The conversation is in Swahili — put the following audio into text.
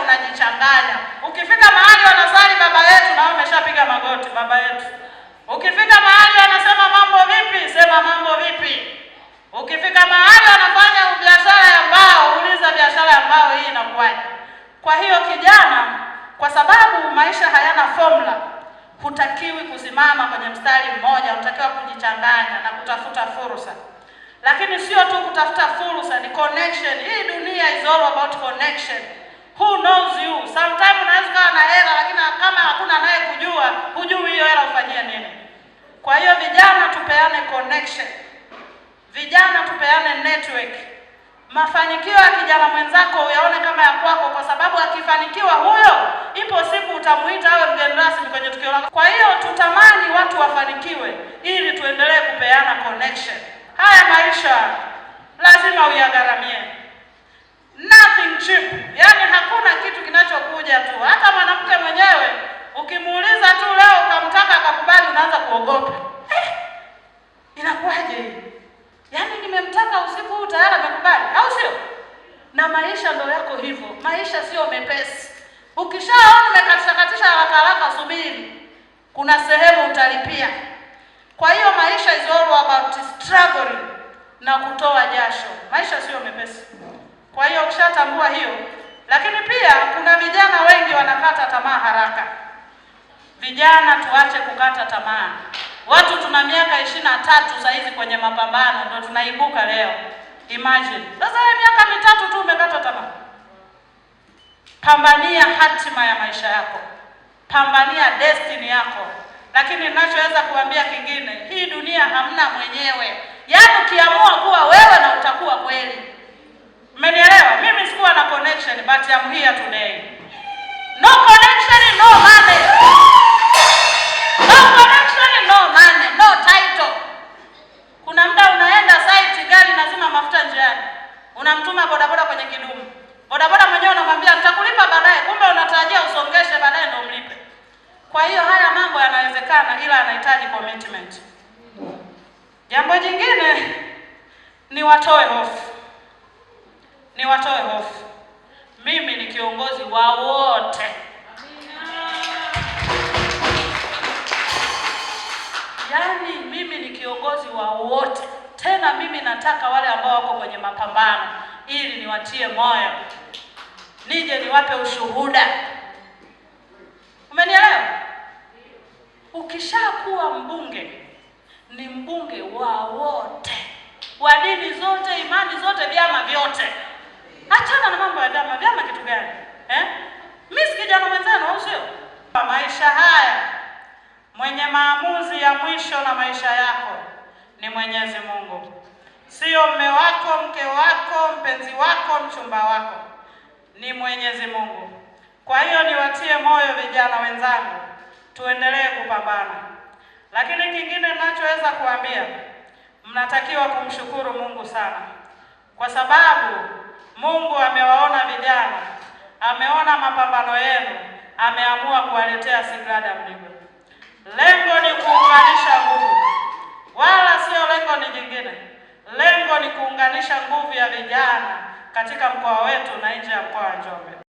unapita unajichanganya. Ukifika mahali wanasali baba yetu, na umeshapiga magoti baba yetu. Ukifika mahali wanasema mambo vipi, sema mambo vipi. Ukifika mahali wanafanya biashara ya mbao, uliza biashara ya mbao hii inakuwaje? Kwa hiyo kijana, kwa sababu maisha hayana formula, hutakiwi kusimama kwenye mstari mmoja, unatakiwa kujichanganya na kutafuta fursa lakini sio tu kutafuta fursa, ni connection. Hii dunia is all about connection. Who knows you? Sometimes unaweza kuwa na hela lakini kama hakuna naye kujua, hujui hiyo hela ufanyia nini. Kwa hiyo vijana, tupeane connection, vijana tupeane network. Mafanikio ya kijana mwenzako uyaone kama ya kwako, kwa sababu akifanikiwa huyo, ipo siku utamuita awe mgeni rasmi kwenye tukio lako. Kwa hiyo tutamani watu wafanikiwe, ili tuendelee kupeana connection. Haya maisha lazima uyagharamie, nothing cheap yani na maisha ndo yako hivyo. Maisha sio mepesi. Ukishaona umekatisha katisha haraka haraka, subiri, kuna sehemu utalipia. Kwa hiyo maisha is all about struggling na kutoa jasho. Maisha sio mepesi. Kwa hiyo ukishatambua hiyo, lakini pia kuna vijana wengi wanakata tamaa haraka. Vijana tuache kukata tamaa. Watu tuna miaka ishirini na tatu saa hizi kwenye mapambano, ndo tunaibuka leo. Imagine sasa, wewe miaka mitatu tu umekata tamaa. Pambania hatima ya maisha yako, pambania destiny yako. Lakini ninachoweza kuambia kingine, hii dunia hamna mwenyewe, yaani ukiamua kuwa wewe na utakuwa kweli. Mmenielewa? Mimi sikuwa na connection but I'm here today. unamtuma bodaboda kwenye kidumu. Bodaboda mwenyewe unamwambia nitakulipa baadaye, kumbe unatarajia usongeshe baadaye ndio umlipe. Kwa hiyo haya mambo yanawezekana, ila yanahitaji commitment. Jambo jingine ni watoe hofu, ni watoe hofu. Mimi ni kiongozi wa wote. Tena mimi nataka wale ambao wako kwenye mapambano, ili niwatie moyo, nije niwape ushuhuda. Umenielewa? Ukishakuwa mbunge, ni mbunge wa wote, wa dini zote, imani zote, vyama vyote. Achana na mambo ya vyama. Vyama kitu gani eh? Mimi si kijana mwenzenu, au sio? Maisha haya mwenye maamuzi ya mwisho na maisha ya ni Mwenyezi Mungu, sio mme wako, mke wako, mpenzi wako, mchumba wako, ni Mwenyezi Mungu. Kwa hiyo niwatie moyo vijana wenzangu, tuendelee kupambana. Lakini kingine ninachoweza kuambia, mnatakiwa kumshukuru Mungu sana, kwa sababu Mungu amewaona vijana, ameona mapambano yenu, ameamua kuwaletea Sigrada Mliku. ni jingine, lengo ni kuunganisha nguvu ya vijana katika mkoa wetu na nje ya mkoa wa Njombe.